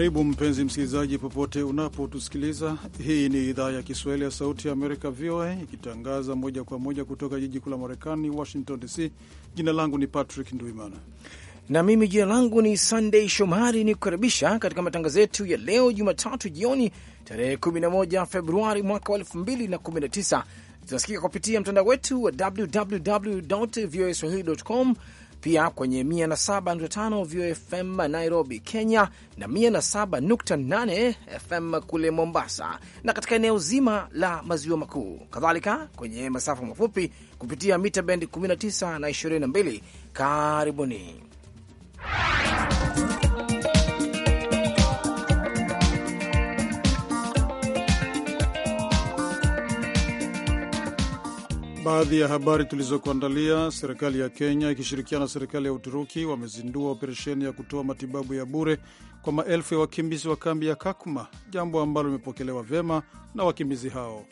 Karibu mpenzi msikilizaji, popote unapotusikiliza. Hii ni idhaa ya Kiswahili ya Sauti ya Amerika, VOA, ikitangaza moja kwa moja kutoka jiji kuu la Marekani, Washington DC. Jina langu ni Patrick Nduimana na mimi jina langu ni sandey Shomari, ni kukaribisha katika matangazo yetu ya leo Jumatatu jioni tarehe 11 Februari mwaka wa 2019. Tunasikika kupitia mtandao wetu wa www voa swahili com pia kwenye 107.5 VOFM Nairobi, Kenya na 107.8 FM kule Mombasa na katika eneo zima la maziwa makuu, kadhalika kwenye masafa mafupi kupitia mita bendi 19 na 22. Karibuni. baadhi ya habari tulizokuandalia. Serikali ya Kenya ikishirikiana na serikali ya Uturuki wamezindua operesheni ya kutoa matibabu ya bure kwa maelfu ya wakimbizi wa kambi ya Kakuma, jambo ambalo limepokelewa vyema na wakimbizi hao.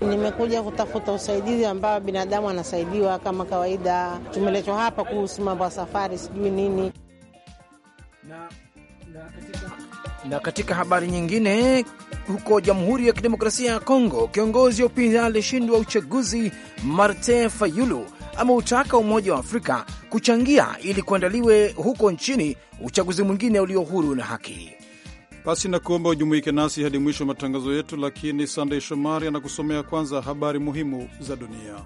Nimekuja kutafuta usaidizi ambao binadamu anasaidiwa kama kawaida. Tumeletwa hapa kuhusu mambo ya safari, sijui nini na, na katika na katika habari nyingine, huko Jamhuri ya Kidemokrasia ya Kongo, kiongozi wa upinzani aliyeshindwa uchaguzi Martin Fayulu ameutaka Umoja wa Afrika kuchangia ili kuandaliwe huko nchini uchaguzi mwingine ulio huru na haki. Basi na kuomba ujumuike nasi hadi mwisho wa matangazo yetu, lakini Sandey Shomari anakusomea kwanza habari muhimu za dunia.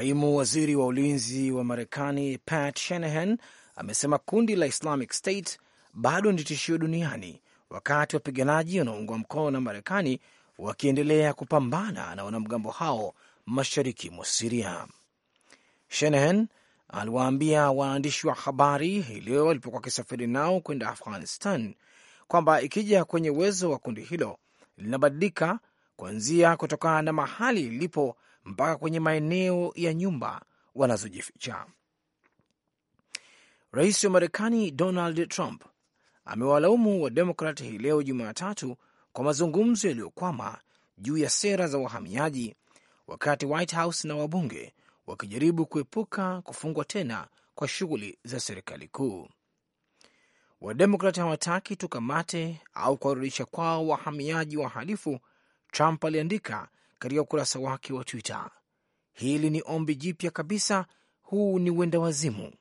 Kaimu waziri wa ulinzi wa Marekani Pat Shanahan amesema kundi la Islamic State bado ni tishio duniani, wakati wapiganaji wanaoungwa mkono na Marekani wakiendelea kupambana na wanamgambo hao mashariki mwa Siria. Shanahan aliwaambia waandishi wa habari hii leo walipokuwa wakisafiri nao kwenda Afghanistan kwamba ikija kwenye uwezo wa kundi hilo linabadilika kuanzia kutokana na mahali lilipo mpaka kwenye maeneo ya nyumba wanazojificha. Rais wa Marekani Donald Trump amewalaumu Wademokrat hii leo Jumatatu kwa mazungumzo yaliyokwama juu ya sera za wahamiaji, wakati White House na wabunge wakijaribu kuepuka kufungwa tena kwa shughuli za serikali kuu. Wademokrat hawataki tukamate au kuwarudisha kwao wahamiaji wahalifu, Trump aliandika katika ukurasa wake wa Twitter. Hili ni ombi jipya kabisa, huu ni wenda wazimu.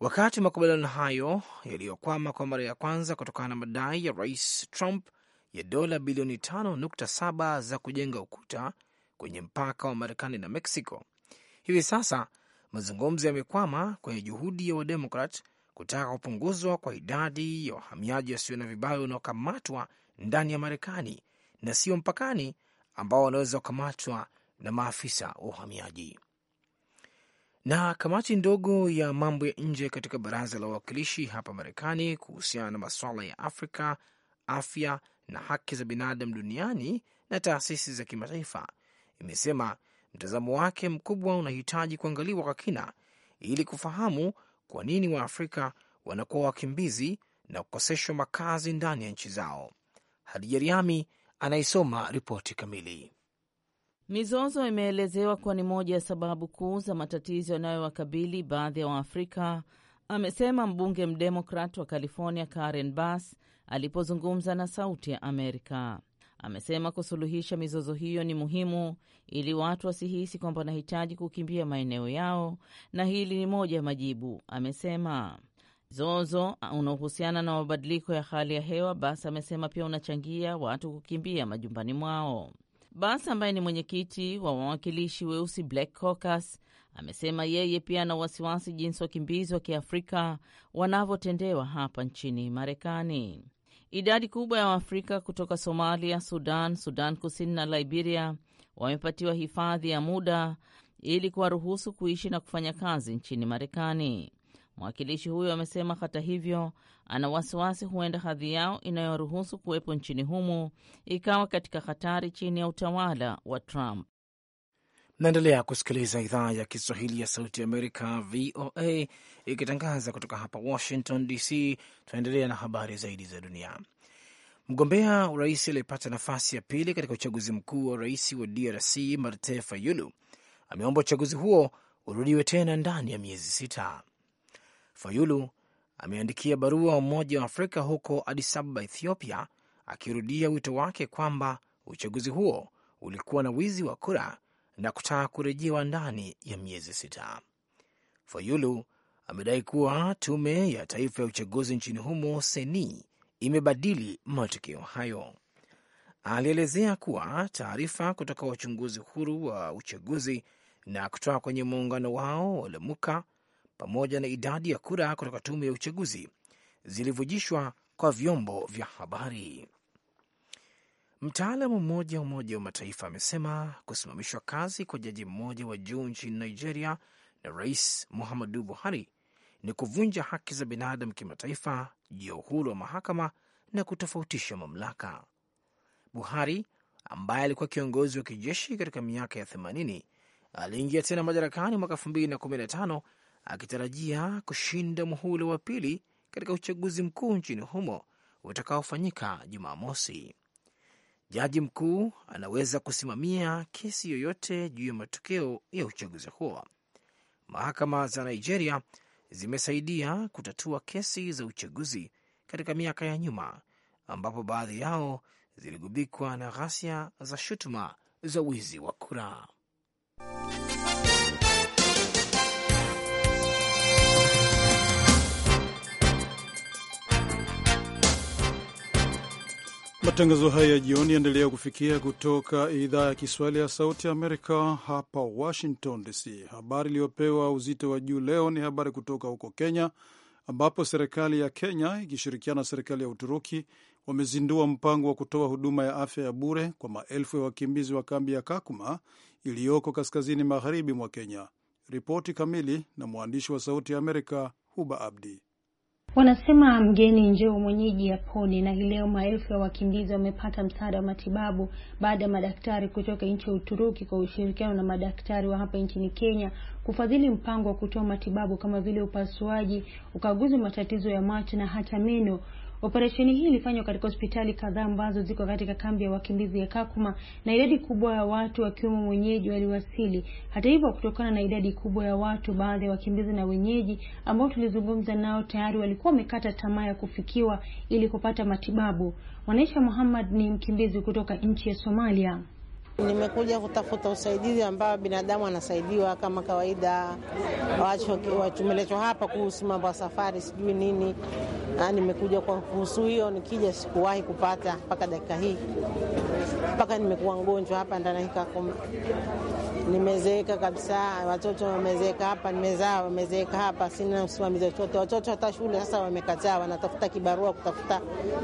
Wakati makubaliano hayo yaliyokwama kwa mara ya kwanza kutokana na madai ya Rais Trump ya dola bilioni 5.7 za kujenga ukuta kwenye mpaka wa Marekani na Mexico, hivi sasa mazungumzo yamekwama kwenye juhudi ya Wademokrat kutaka kupunguzwa kwa idadi ya wahamiaji wasio na vibali wanaokamatwa ndani ya Marekani na sio mpakani, ambao wanaweza kukamatwa na maafisa wa uhamiaji. Na kamati ndogo ya mambo ya nje katika baraza la wawakilishi hapa Marekani kuhusiana na masuala ya Afrika, afya na haki za binadamu duniani na taasisi za kimataifa imesema mtazamo wake mkubwa unahitaji kuangaliwa kwa kina ili kufahamu kwa nini Waafrika wanakuwa wakimbizi na kukoseshwa makazi ndani ya nchi zao. Hadija Riami anaisoma ripoti kamili. Mizozo imeelezewa kuwa ni moja ya sababu kuu za matatizo yanayowakabili baadhi ya Waafrika, amesema mbunge mdemokrat wa California Karen Bass alipozungumza na Sauti ya Amerika. Amesema kusuluhisha mizozo hiyo ni muhimu ili watu wasihisi kwamba wanahitaji kukimbia maeneo yao, na hili ni moja ya majibu, amesema. Zozo unaohusiana na mabadiliko ya hali ya hewa, Bas amesema pia unachangia watu kukimbia majumbani mwao. Bas ambaye ni mwenyekiti wa wawakilishi weusi Black Caucus amesema yeye pia ana wasiwasi jinsi wakimbizi wa Kiafrika wanavyotendewa hapa nchini Marekani. Idadi kubwa ya Waafrika kutoka Somalia, Sudan, Sudan Kusini na Liberia wamepatiwa hifadhi ya muda ili kuwaruhusu kuishi na kufanya kazi nchini Marekani. Mwakilishi huyo amesema hata hivyo, ana wasiwasi huenda hadhi yao inayoruhusu kuwepo nchini humo ikawa katika hatari chini ya utawala wa Trump. Naendelea kusikiliza idhaa ya Kiswahili ya Sauti Amerika, VOA, ikitangaza kutoka hapa Washington DC. Tunaendelea na habari zaidi za dunia. Mgombea urais aliyepata nafasi ya pili katika uchaguzi mkuu wa rais wa DRC Martin Fayulu ameomba uchaguzi huo urudiwe tena ndani ya miezi sita. Fayulu ameandikia barua Umoja wa Afrika huko Addis Ababa, Ethiopia, akirudia wito wake kwamba uchaguzi huo ulikuwa na wizi wa kura na kutaka kurejewa ndani ya miezi sita. Fayulu amedai kuwa tume ya taifa ya uchaguzi nchini humo seni imebadili matokeo hayo. Alielezea kuwa taarifa kutoka wachunguzi huru wa uchaguzi na kutoka kwenye muungano wao wa Lamuka pamoja na idadi ya kura kutoka tume ya uchaguzi zilivujishwa kwa vyombo vya habari. Mtaalamu mmoja wa Umoja wa Mataifa amesema kusimamishwa kazi kwa jaji mmoja wa juu nchini Nigeria na Rais Muhammadu Buhari ni kuvunja haki za binadamu kimataifa juu ya uhuru wa mahakama na kutofautisha mamlaka. Buhari ambaye alikuwa kiongozi wa kijeshi katika miaka ya 80 aliingia tena madarakani mwaka 2015 akitarajia kushinda muhula wa pili katika uchaguzi mkuu nchini humo utakaofanyika Jumamosi. Jaji mkuu anaweza kusimamia kesi yoyote juu ya matokeo ya uchaguzi huo. Mahakama za Nigeria zimesaidia kutatua kesi za uchaguzi katika miaka ya nyuma, ambapo baadhi yao ziligubikwa na ghasia za shutuma za wizi wa kura. Matangazo haya ya jioni yaendelea kufikia kutoka idhaa ya Kiswahili ya Sauti ya Amerika hapa Washington DC. Habari iliyopewa uzito wa juu leo ni habari kutoka huko Kenya, ambapo serikali ya Kenya ikishirikiana na serikali ya Uturuki wamezindua mpango wa kutoa huduma ya afya ya bure kwa maelfu ya wakimbizi wa kambi ya Kakuma iliyoko kaskazini magharibi mwa Kenya. Ripoti kamili na mwandishi wa Sauti ya Amerika Huba Abdi. Wanasema mgeni njoo mwenyeji apone, na hii leo maelfu ya wakimbizi wamepata msaada wa matibabu baada ya madaktari kutoka nchi ya Uturuki kwa ushirikiano na madaktari wa hapa nchini Kenya kufadhili mpango wa kutoa matibabu kama vile upasuaji, ukaguzi wa matatizo ya macho na hata meno. Operesheni hii ilifanywa katika hospitali kadhaa ambazo ziko katika kambi ya wakimbizi ya Kakuma na idadi kubwa ya watu wakiwemo wenyeji waliwasili. Hata hivyo, kutokana na idadi kubwa ya watu, baadhi ya wakimbizi na wenyeji ambao tulizungumza nao tayari walikuwa wamekata tamaa ya kufikiwa ili kupata matibabu. Mwanaisha Muhammad ni mkimbizi kutoka nchi ya Somalia. Nimekuja kutafuta usaidizi ambao binadamu anasaidiwa kama kawaida, wachumeletwa hapa kuhusu mambo ya safari sijui nini, na nimekuja kwa kuhusu hiyo, nikija sikuwahi kupata mpaka dakika hii, mpaka nimekuwa mgonjwa hapa kumi, nimezeeka kabisa, watoto wamezeeka hapa, nimezaa wamezeeka hapa, sina msimamizi wochote. Watoto hata shule sasa wamekataa, wanatafuta kibarua kutafuta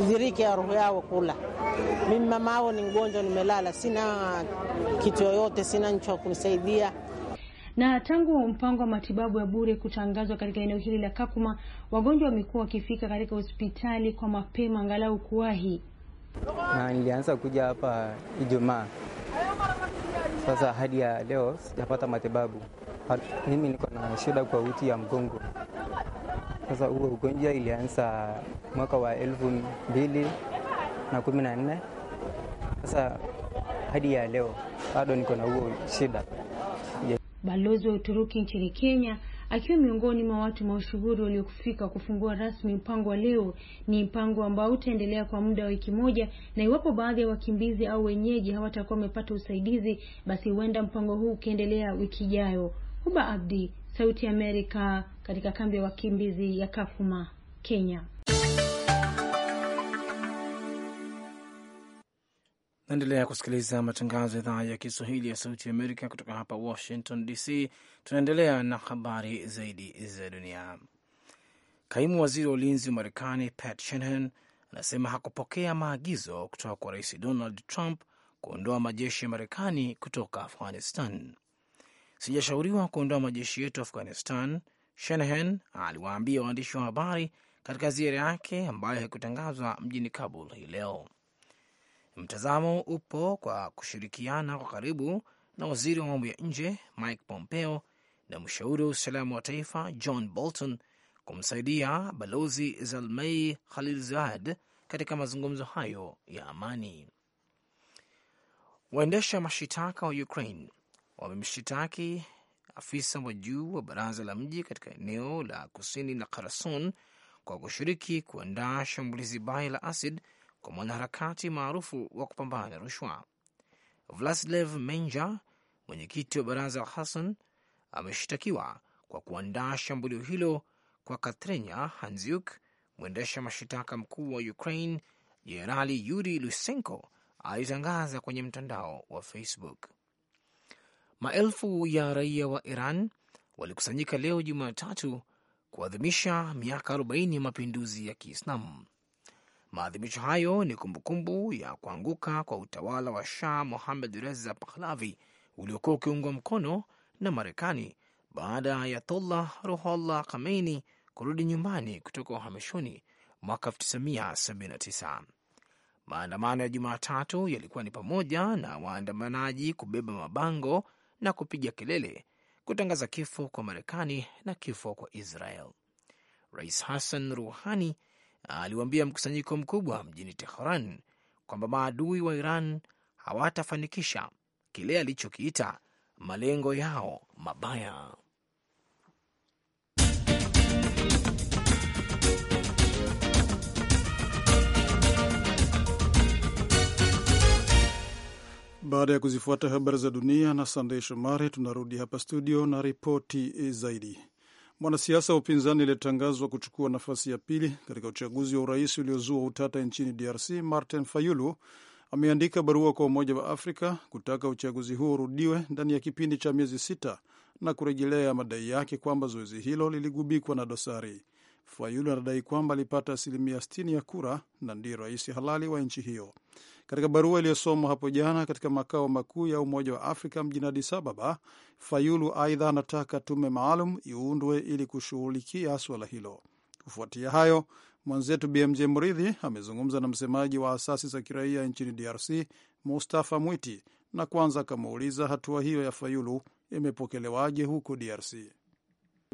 ziriki ya roho yao kula. Mimi mama ao ni mgonjwa, nimelala sina kitu yoyote, sina nchi wa kumsaidia. Na tangu mpango wa matibabu ya bure kutangazwa katika eneo hili la Kakuma, wagonjwa wamekuwa wakifika katika hospitali kwa mapema angalau kuwahi. Na nilianza kuja hapa Ijumaa, sasa hadi ya leo sijapata matibabu. Mimi niko na shida kwa uti ya mgongo. Sasa huo ugonjwa ilianza mwaka wa elfu mbili na kumi na nne sasa hadi ya leo bado niko na huo shida. Balozi wa Uturuki nchini Kenya akiwa miongoni mwa watu mashuhuri waliofika kufungua rasmi mpango wa leo. Ni mpango ambao utaendelea kwa muda wa wiki moja, na iwapo baadhi ya wakimbizi au wenyeji hawatakuwa wamepata usaidizi, basi huenda mpango huu ukiendelea wiki ijayo. Huba Abdi, Sauti ya Amerika, katika kambi ya wakimbizi ya kafuma Kenya. Naendelea kusikiliza matangazo ya idhaa ya Kiswahili ya Sauti ya Amerika kutoka hapa Washington DC. Tunaendelea na habari zaidi za dunia. Kaimu waziri wa ulinzi wa Marekani Pat Shanahan anasema hakupokea maagizo kutoka kwa Rais Donald Trump kuondoa majeshi ya Marekani kutoka Afghanistan. Sijashauriwa kuondoa majeshi yetu Afghanistan, Shanahan aliwaambia waandishi wa habari katika ziara yake ambayo haikutangazwa mjini Kabul hii leo. Mtazamo upo kwa kushirikiana kwa karibu na waziri wa mambo ya nje Mike Pompeo na mshauri wa usalama wa taifa John Bolton kumsaidia Balozi Zalmei Khalilzad katika mazungumzo hayo ya amani. Waendesha mashitaka wa Ukraine wamemshitaki afisa wa juu wa baraza la mji katika eneo la kusini la Kherson kwa kushiriki kuandaa shambulizi baya la acid kwa mwanaharakati maarufu wa kupambana na rushwa. Vlaslev Menja, mwenyekiti wa baraza la Hassan, ameshtakiwa kwa kuandaa shambulio hilo kwa katrenya Hanziuk, mwendesha mashitaka mkuu wa Ukraine. Jenerali Yuri Lusenko alitangaza kwenye mtandao wa Facebook. Maelfu ya raia wa Iran walikusanyika leo Jumatatu kuadhimisha miaka 40 ya mapinduzi ya Kiislamu. Maadhimisho hayo ni kumbukumbu ya kuanguka kwa utawala wa Shah Mohamed Reza Pahlavi uliokuwa ukiungwa mkono na Marekani baada ya Ayatollah Ruhollah Khomeini kurudi nyumbani kutoka uhamishoni mwaka 1979. Maandamano ya Jumatatu yalikuwa ni pamoja na waandamanaji kubeba mabango na kupiga kelele kutangaza kifo kwa Marekani na kifo kwa Israel. Rais Hassan Ruhani aliwaambia mkusanyiko mkubwa mjini Tehran kwamba maadui wa Iran hawatafanikisha kile alichokiita malengo yao mabaya. Baada ya kuzifuata habari za dunia na Sandey Shomari, tunarudi hapa studio na ripoti zaidi. Mwanasiasa wa upinzani aliyetangazwa kuchukua nafasi ya pili katika uchaguzi wa urais uliozua utata nchini DRC, Martin Fayulu ameandika barua kwa Umoja wa Afrika kutaka uchaguzi huo urudiwe ndani ya kipindi cha miezi sita na kurejelea madai yake kwamba zoezi hilo liligubikwa na dosari. Fayulu anadai kwamba alipata asilimia 60 ya kura na ndiye rais halali wa nchi hiyo. Katika barua iliyosomwa hapo jana katika makao makuu ya Umoja wa Afrika mjini Addis Ababa, Fayulu aidha anataka tume maalum iundwe ili kushughulikia suala hilo. Kufuatia hayo, mwenzetu BMJ Mridhi amezungumza na msemaji wa asasi za kiraia nchini DRC Mustafa Mwiti, na kwanza akamuuliza hatua hiyo ya Fayulu imepokelewaje huko DRC.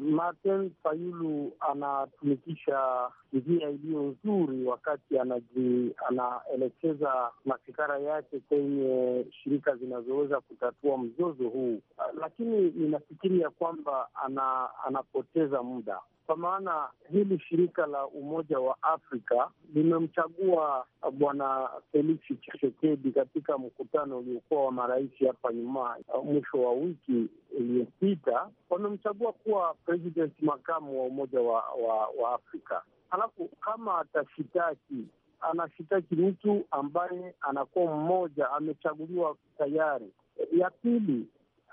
Martin Fayulu anatumikisha njia iliyo nzuri wakati anaji, anaelekeza masikara yake kwenye shirika zinazoweza kutatua mzozo huu, lakini ninafikiri ya kwamba ana, anapoteza muda kwa maana hili shirika la Umoja wa Afrika limemchagua Bwana felisi chisekedi katika mkutano uliokuwa wa marais hapa nyuma mwisho wa wiki iliyopita, wamemchagua kuwa president makamu wa Umoja wa, wa, wa Afrika. Halafu kama atashitaki anashitaki mtu ambaye anakuwa mmoja amechaguliwa tayari. Ya pili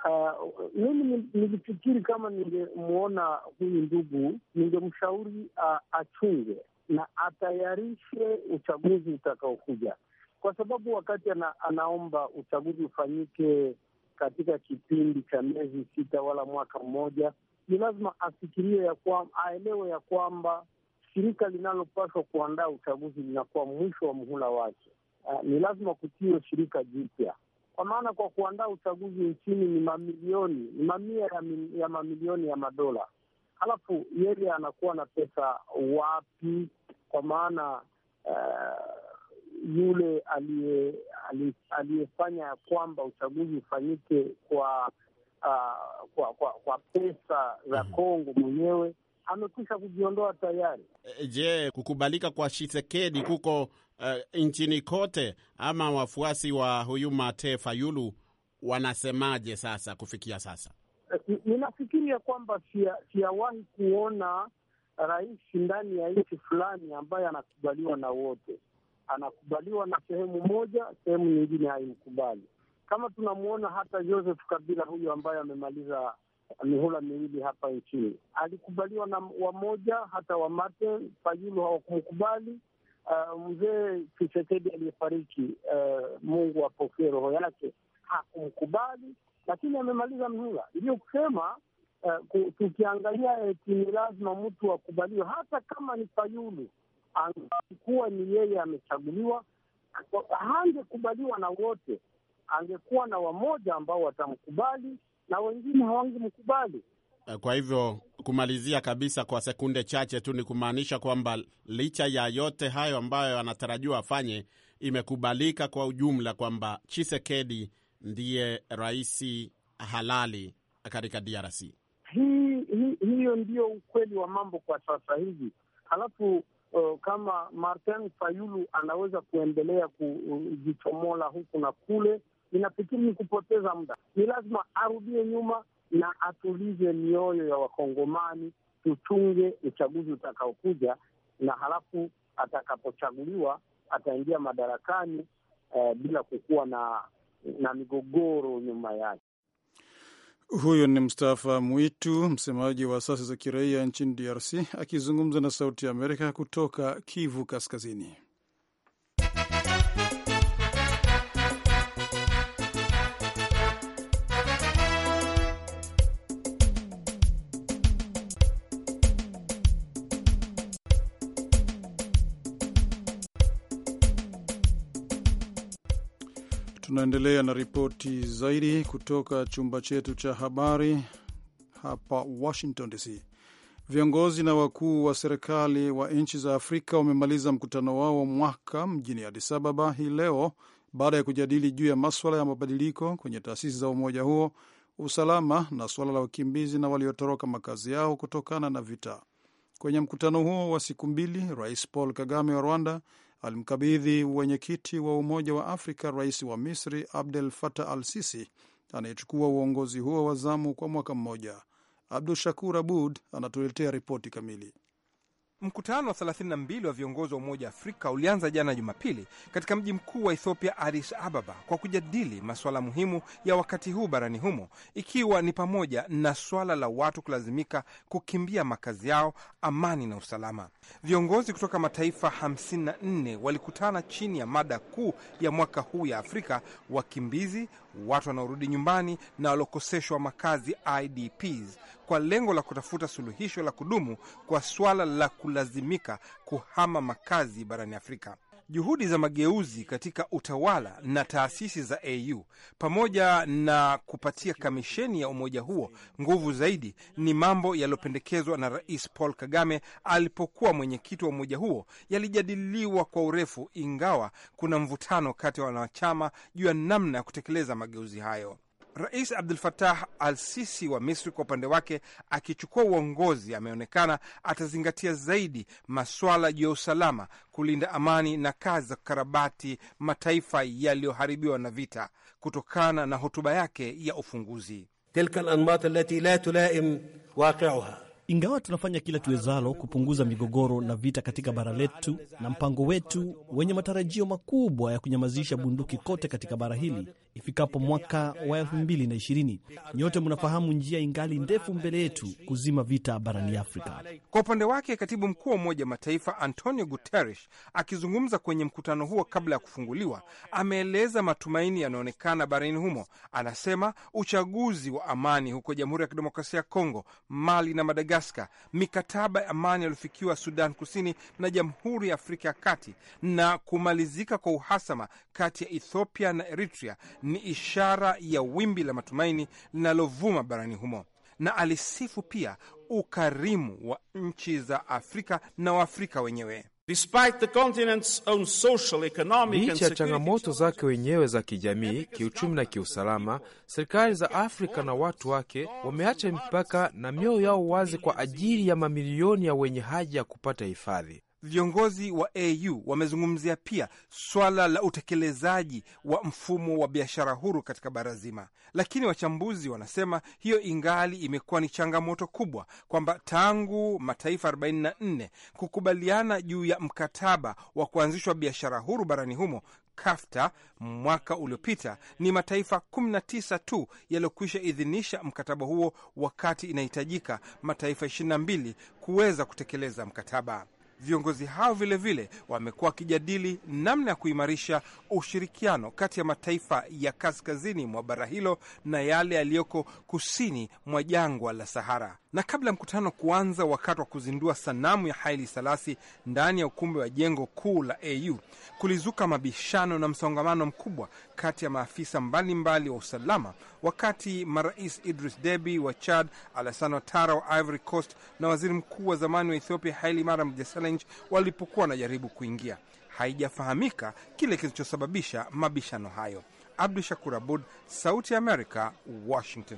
Uh, mimi nilifikiri kama ningemwona huyu ndugu ningemshauri uh, achunge na atayarishe uchaguzi utakaokuja, kwa sababu wakati ana, anaomba uchaguzi ufanyike katika kipindi cha miezi sita wala mwaka mmoja, ni lazima afikirie ya kwamba, aelewe ya kwamba shirika linalopaswa kuandaa uchaguzi linakuwa mwisho wa muhula wake. Uh, ni lazima kutiwe shirika jipya kwa maana kwa kuandaa uchaguzi nchini ni mamilioni, ni mamia ya, ya mamilioni ya madola, halafu yeye anakuwa na pesa wapi? Kwa maana uh, yule aliyefanya ya kwamba uchaguzi ufanyike kwa, uh, kwa kwa kwa pesa za mhm. Kongo mwenyewe amekwisha kujiondoa tayari. Je, kukubalika kwa Shisekedi kuko uh, nchini kote, ama wafuasi wa huyu Mate Fayulu wanasemaje sasa kufikia sasa? Eh, ninafikiria kwamba siyawahi kuona rais ndani ya nchi fulani ambaye anakubaliwa na wote, anakubaliwa na sehemu moja, sehemu nyingine haimkubali, kama tunamwona hata Joseph Kabila huyu ambaye amemaliza mihula miwili hapa nchini, alikubaliwa na wamoja, hata Wamate Fayulu hawakumkubali uh, mzee kisekedi aliyefariki uh, Mungu apokee roho yake, hakumkubali lakini amemaliza mhula. Ndiyo kusema uh, tukiangalia eti ni lazima mtu akubaliwe, hata kama ni Fayulu, angekuwa ni yeye amechaguliwa, hangekubaliwa na wote. Angekuwa na wamoja ambao watamkubali na wengine hawangemkubali. Eh, kwa hivyo kumalizia kabisa kwa sekunde chache tu, ni kumaanisha kwamba licha ya yote hayo ambayo anatarajiwa afanye, imekubalika kwa ujumla kwamba Chisekedi ndiye rais halali katika DRC. hi, hiyo ndiyo ukweli wa mambo kwa sasa hivi. Halafu uh, kama Martin Fayulu anaweza kuendelea kujichomola huku na kule, inafikiri ni kupoteza muda. Ni lazima arudie nyuma na atulize mioyo ya Wakongomani, tuchunge uchaguzi utakaokuja, na halafu atakapochaguliwa ataingia madarakani eh, bila kukuwa na, na migogoro nyuma yake. Huyu ni Mustafa Mwitu, msemaji wa asasi za kiraia nchini DRC akizungumza na Sauti ya Amerika kutoka Kivu Kaskazini. Tunaendelea na ripoti zaidi kutoka chumba chetu cha habari hapa Washington DC. Viongozi na wakuu wa serikali wa nchi za Afrika wamemaliza mkutano wao wa mwaka mjini Addis Ababa hii leo baada ya kujadili juu ya maswala ya mabadiliko kwenye taasisi za umoja huo, usalama na suala la wakimbizi na waliotoroka makazi yao kutokana na vita. Kwenye mkutano huo wa siku mbili, Rais Paul Kagame wa Rwanda alimkabidhi wenyekiti wa Umoja wa Afrika rais wa Misri Abdel Fattah al Sisi anayechukua uongozi huo wa zamu kwa mwaka mmoja. Abdu Shakur Abud anatuletea ripoti kamili. Mkutano wa 32 wa viongozi wa Umoja wa Afrika ulianza jana Jumapili katika mji mkuu wa Ethiopia, Addis Ababa, kwa kujadili masuala muhimu ya wakati huu barani humo, ikiwa ni pamoja na swala la watu kulazimika kukimbia makazi yao, amani na usalama. Viongozi kutoka mataifa 54 walikutana chini ya mada kuu ya mwaka huu ya Afrika, wakimbizi watu wanaorudi nyumbani na waliokoseshwa makazi IDPs, kwa lengo la kutafuta suluhisho la kudumu kwa suala la kulazimika kuhama makazi barani Afrika. Juhudi za mageuzi katika utawala na taasisi za AU pamoja na kupatia kamisheni ya umoja huo nguvu zaidi ni mambo yaliyopendekezwa na Rais Paul Kagame alipokuwa mwenyekiti wa umoja huo, yalijadiliwa kwa urefu, ingawa kuna mvutano kati ya wanachama juu ya namna ya kutekeleza mageuzi hayo. Rais Abdul Fatah al Sisi wa Misri kwa upande wake, akichukua uongozi, ameonekana atazingatia zaidi maswala juu ya usalama, kulinda amani na kazi za kukarabati mataifa yaliyoharibiwa na vita, kutokana na hotuba yake ya ufunguzi. tilka lanmat alati la tulaim waqiuha ingawa tunafanya kila tuwezalo kupunguza migogoro na vita katika bara letu, na mpango wetu wenye matarajio makubwa ya kunyamazisha bunduki kote katika bara hili ifikapo mwaka wa 2020. Nyote mnafahamu njia ingali ndefu mbele yetu kuzima vita barani Afrika. Kwa upande wake, katibu mkuu wa Umoja wa Mataifa Antonio Guterres akizungumza kwenye mkutano huo kabla ya kufunguliwa, ameeleza matumaini yanaonekana barani humo. Anasema uchaguzi wa amani huko Jamhuri ya Kidemokrasia ya Kongo, Mali na Madagaskar, mikataba ya amani yaliyofikiwa Sudan Kusini na Jamhuri ya Afrika ya Kati na kumalizika kwa uhasama kati ya Ethiopia na Eritrea ni ishara ya wimbi la matumaini linalovuma barani humo, na alisifu pia ukarimu wa nchi za Afrika na Waafrika wenyewe. Licha ya changamoto zake wenyewe za kijamii, kiuchumi na kiusalama, serikali za Afrika na watu wake wameacha mipaka na mioyo yao wazi kwa ajili ya mamilioni ya wenye haja ya kupata hifadhi. Viongozi wa AU wamezungumzia pia swala la utekelezaji wa mfumo wa biashara huru katika bara zima, lakini wachambuzi wanasema hiyo ingali imekuwa ni changamoto kubwa, kwamba tangu mataifa 44 kukubaliana juu ya mkataba wa kuanzishwa biashara huru barani humo kafta mwaka uliopita ni mataifa 19 tu yaliyokwisha idhinisha mkataba huo, wakati inahitajika mataifa 22 kuweza kutekeleza mkataba. Viongozi hao vilevile wamekuwa wakijadili namna ya kuimarisha ushirikiano kati ya mataifa ya kaskazini mwa bara hilo na yale yaliyoko kusini mwa jangwa la Sahara na kabla ya mkutano kuanza, wakati wa kuzindua sanamu ya Haile Selassie ndani ya ukumbi wa jengo kuu la AU, kulizuka mabishano na msongamano mkubwa kati ya maafisa mbalimbali mbali wa usalama, wakati marais Idris Deby wa Chad, Alassane Ouattara wa Ivory Coast na waziri mkuu wa zamani wa Ethiopia Haile Mariam Desalegn walipokuwa wanajaribu kuingia. Haijafahamika kile kilichosababisha mabishano hayo. Abdu Shakur Abud, Sauti ya america Washington.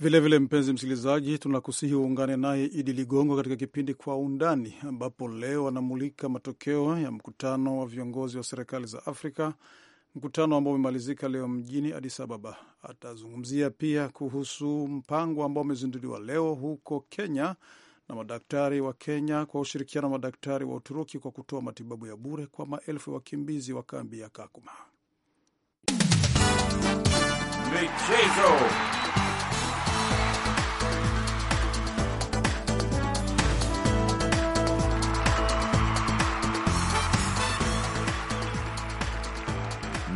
Vilevile mpenzi msikilizaji, tunakusihi uungane naye Idi Ligongo katika kipindi Kwa Undani, ambapo leo anamulika matokeo ya mkutano wa viongozi wa serikali za Afrika, mkutano ambao umemalizika leo mjini Addis Ababa. Atazungumzia pia kuhusu mpango ambao umezinduliwa leo huko Kenya na madaktari wa Kenya kwa ushirikiano wa madaktari wa Uturuki kwa kutoa matibabu ya bure kwa maelfu ya wakimbizi wa kambi ya Kakuma. Michezo.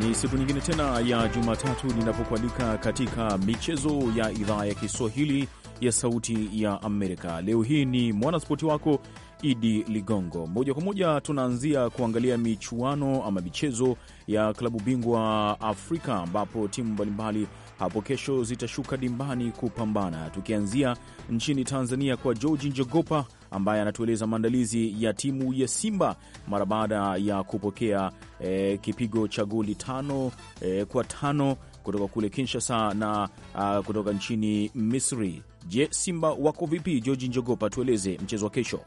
Ni siku nyingine tena ya Jumatatu ninapokualika katika michezo ya idhaa ya Kiswahili ya Sauti ya Amerika. Leo hii ni mwanaspoti wako Idi Ligongo. Moja kwa moja tunaanzia kuangalia michuano ama michezo ya klabu bingwa Afrika, ambapo timu mbalimbali hapo kesho zitashuka dimbani kupambana, tukianzia nchini Tanzania kwa George Njogopa ambaye anatueleza maandalizi ya timu ya Simba mara baada ya kupokea e, kipigo cha goli tano e, kwa tano kutoka kule Kinshasa na a, kutoka nchini Misri. Je, Simba wako vipi? Georgi Njogopa, tueleze mchezo wa kesho.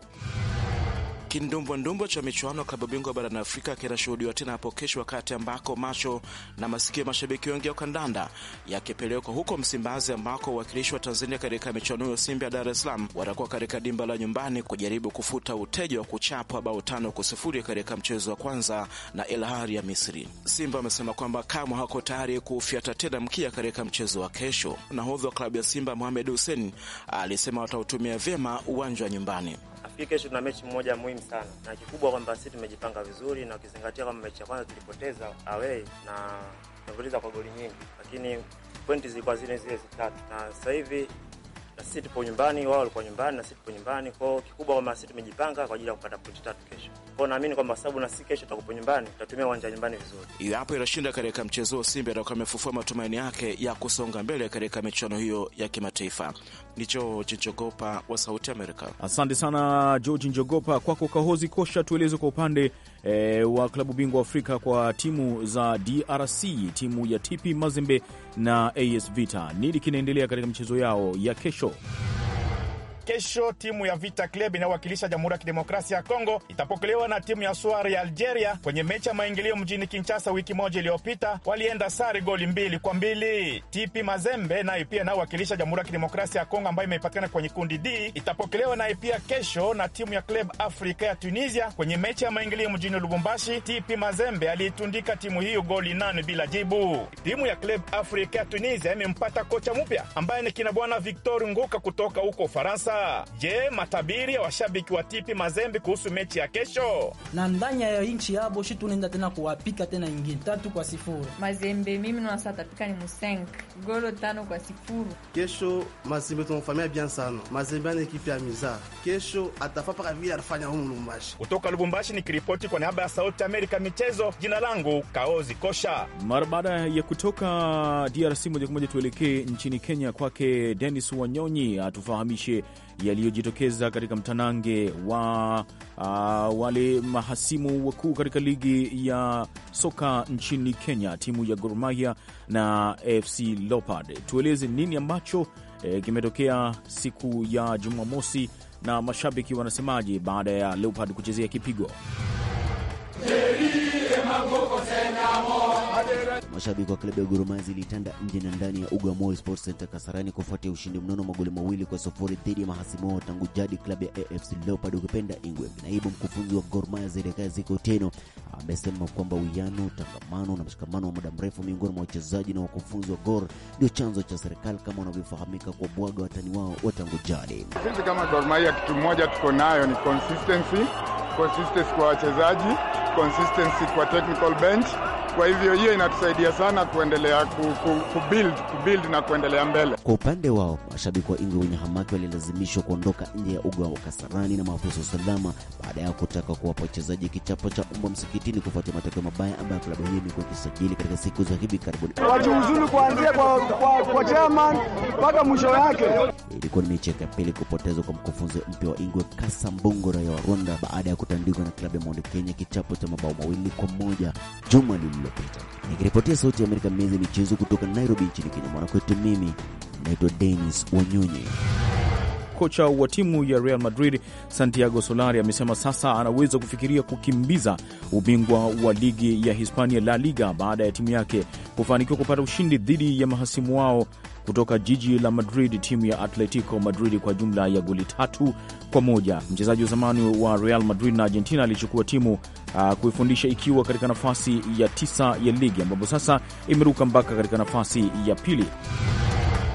Kindumbwandumbwa cha michuano ya klabu bingwa barani Afrika kinashuhudiwa tena hapo kesho, wakati ambako macho na masikio ya mashabiki wengi wa kandanda yakipelekwa huko Msimbazi, ambako uwakilishi wa Tanzania katika michuano hiyo Simba ya Dar es Salaam watakuwa katika dimba la nyumbani kujaribu kufuta uteja wa kuchapwa bao tano kwa sifuri katika mchezo wa kwanza na Al ya Misri. Simba amesema kwamba kamwe hako tayari kufyata tena mkia katika mchezo wa kesho. Nahodha wa klabu ya Simba Mohamed Hussein alisema watautumia vyema uwanja wa nyumbani nafikiri kesho tuna mechi mmoja muhimu sana na kikubwa, kwamba sisi tumejipanga vizuri na ukizingatia kwamba mechi ya kwanza tulipoteza away na tumepoteza kwa goli nyingi, lakini pointi zilikuwa zile zile zitatu, na sasa hivi na sisi tupo nyumbani, wao walikuwa nyumbani na sisi tupo nyumbani kwao. Kikubwa kwamba sisi tumejipanga kwa ajili ya kupata pointi tatu kesho kwao. naamini kwamba sababu na si kesho tutakupo nyumbani, tutatumia uwanja nyumbani vizuri. Iwapo itashinda katika mchezo, Simba atakuwa amefufua matumaini yake ya kusonga mbele katika michuano hiyo ya kimataifa. Ni George Njogopa wa Sauti Amerika. Asante sana George Njogopa. Kwako Kahozi Kosha, tueleze kwa upande e, wa klabu bingwa Afrika kwa timu za DRC, timu ya TP Mazembe na AS Vita, nini kinaendelea katika michezo yao ya kesho? Kesho timu ya Vita Club inayowakilisha Jamhuri ya Kidemokrasia ya Kongo itapokelewa na timu ya swari ya Algeria. Kwenye mechi ya maingilio mjini Kinshasa wiki moja iliyopita, walienda sare goli mbili kwa mbili. TP Mazembe nayo pia inayowakilisha Jamhuri ya Kidemokrasia ya Kongo ambayo imepatikana kwenye kundi D itapokelewa nayo pia kesho na timu ya Club Africa ya Tunisia. Kwenye mechi ya maingilio mjini Lubumbashi, TP Mazembe aliitundika timu hiyo goli nane bila jibu. Timu ya Club Africa ya Tunisia imempata kocha mpya ambaye ni kina bwana Victor Nguka kutoka huko Ufaransa. Afrika. Je, matabiri ya washabiki wa Tipi Mazembe kuhusu mechi ya kesho? na ndani ya inchi yabo shi tunaenda tena kuwapika tena ingine tatu kwa sifuru Mazembe. Mimi naona tapika ni musenk golo tano kwa sifuru kesho. Mazembe tunamfamia bien sana. Mazembe ana ekipe ya miza kesho, atafaa mpaka vile alifanya humu Lubumbashi. Kutoka Lubumbashi ni kiripoti kwa niaba ya Sauti Amerika michezo, jina langu Kaozi Kosha. Mara baada ya kutoka DRC moja kwa moja tuelekee nchini Kenya, kwake Denis Wanyonyi atufahamishe yaliyojitokeza katika mtanange wa uh, wale mahasimu wakuu katika ligi ya soka nchini Kenya, timu ya Gor Mahia na fc leopard Tueleze nini ambacho eh, kimetokea siku ya Jumamosi na mashabiki wanasemaje baada ya Leopard kuchezea kipigo? Mashabiki wa klabu ya Gor Mahia ilitanda nje na ndani ya Uga Mall Sports Center Kasarani kufuatia ushindi mnono magoli mawili kwa sufuri dhidi ya mahasimu wao tangu jadi klabu ya AFC Leopards ukipenda Ingwe. Naibu mkufunzi wa Gor Mahia Zedekaya Ziko teno amesema kwamba uwiano, tangamano na mshikamano wa muda mrefu miongoni mwa wachezaji na wakufunzi wa Gor ndio chanzo cha serikali kama wanavyofahamika kwa bwaga watani wao wa tangu jadi. Sisi kama Gor Mahia kitu moja tuko nayo ni consistency, consistency kwa wachezaji, consistency kwa technical bench kwa hivyo hiyo inatusaidia sana kuendelea ku, ku, ku, build, ku build na kuendelea mbele. Kwa upande wao mashabiki wa Ingwe wenye hamaki walilazimishwa kuondoka nje ya uga wa Kasarani na maafisa usalama baada ya kutaka kuwapa wachezaji kichapo cha mbwa msikitini kufuatia matokeo mabaya ambayo klabu hiyo imekuwa ikisajili katika siku za hivi karibuni. Wajiuzulu kuanzia kwa, kwa, kwa chairman mpaka mwisho yake. Ilikuwa ni mechi ya pili kupotezwa kwa mkufunzi mpya wa Ingwe Mbungo, raia wa Rwanda baada ya kutandikwa na klabu ya Mount Kenya kichapo cha mabao mawili kwa moja juma lililo lililopita. Nikiripotia Sauti ya Amerika mezi michezo kutoka Nairobi nchini Kenya, mwanakwetu mimi naitwa denis Wanyonyi kocha wa timu ya Real Madrid Santiago Solari amesema sasa anaweza kufikiria kukimbiza ubingwa wa ligi ya Hispania La Liga baada ya timu yake kufanikiwa kupata ushindi dhidi ya mahasimu wao kutoka jiji la Madrid, timu ya Atletico Madrid kwa jumla ya goli tatu kwa moja. Mchezaji wa zamani wa Real Madrid na Argentina alichukua timu uh, kuifundisha ikiwa katika nafasi ya tisa ya ligi ambapo sasa imeruka mpaka katika nafasi ya pili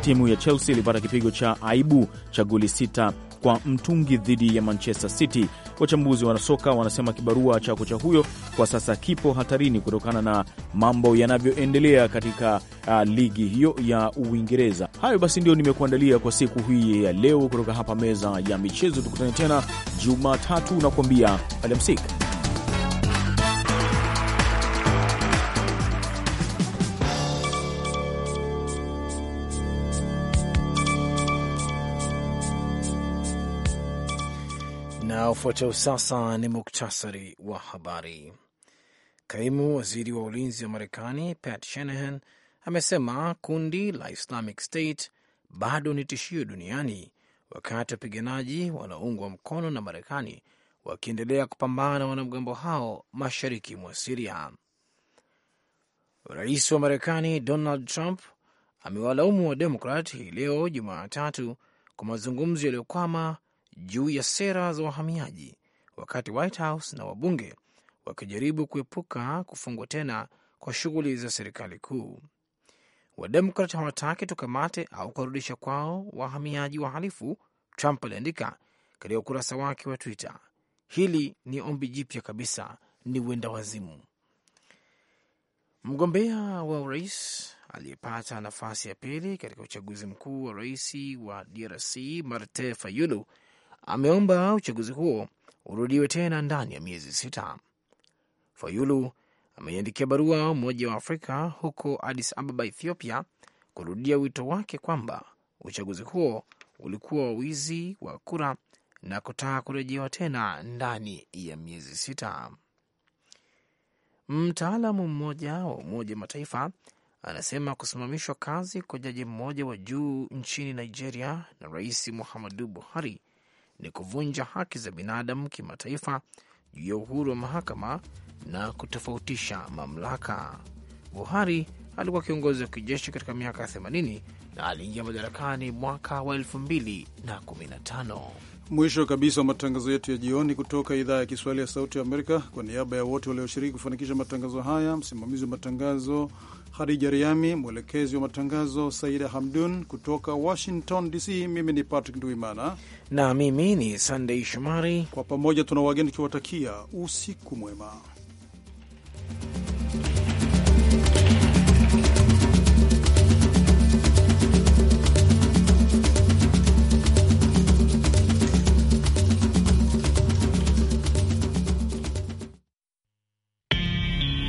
timu ya Chelsea ilipata kipigo cha aibu cha goli sita kwa mtungi dhidi ya Manchester City. Wachambuzi wa soka wanasema kibarua cha kocha huyo kwa sasa kipo hatarini kutokana na mambo yanavyoendelea katika uh, ligi hiyo ya Uingereza. Hayo basi ndio nimekuandalia kwa siku hii ya leo kutoka hapa meza ya michezo. Tukutane tena Jumatatu na kuambia alamsiki. Ufuatao sasa ni muktasari wa habari. Kaimu waziri wa ulinzi wa Marekani Pat Shanahan amesema kundi la Islamic State bado ni tishio duniani, wakati wapiganaji wanaoungwa mkono na Marekani wakiendelea kupambana na wanamgambo hao mashariki mwa Siria. Rais wa Marekani Donald Trump amewalaumu wa Demokrat hii leo Jumatatu kwa mazungumzo yaliyokwama juu ya sera za wahamiaji, wakati White House na wabunge wakijaribu kuepuka kufungwa tena kwa shughuli za serikali kuu. Wademokrat hawataki tukamate au kuwarudisha kwao wahamiaji wahalifu, Trump aliandika katika ukurasa wake wa Twitter. Hili ni ombi jipya kabisa, ni uenda wazimu. Mgombea wa urais aliyepata nafasi ya pili katika uchaguzi mkuu wa rais wa DRC Martin Fayulu ameomba uchaguzi huo urudiwe tena ndani ya miezi sita. Fayulu ameiandikia barua Umoja wa Afrika huko Addis Ababa, Ethiopia, kurudia wito wake kwamba uchaguzi huo ulikuwa wawizi wizi wa kura na kutaka kurejewa tena ndani ya miezi sita. Mtaalamu mmoja wa Umoja Mataifa anasema kusimamishwa kazi kwa jaji mmoja wa juu nchini Nigeria na Rais Muhammadu Buhari ni kuvunja haki za binadamu kimataifa juu ya uhuru wa mahakama na kutofautisha mamlaka. Buhari alikuwa kiongozi wa kijeshi katika miaka 80 na aliingia madarakani mwaka wa 2015. Mwisho kabisa wa matangazo yetu ya jioni kutoka idhaa ya Kiswahili ya Sauti ya Amerika. Kwa niaba ya wote walioshiriki kufanikisha matangazo haya, msimamizi wa matangazo Hadija Riami, mwelekezi wa matangazo Saida Hamdun kutoka Washington DC. Mimi ni Patrick Nduimana na mimi ni Sandei Shomari, kwa pamoja tuna wageni tukiwatakia usiku mwema.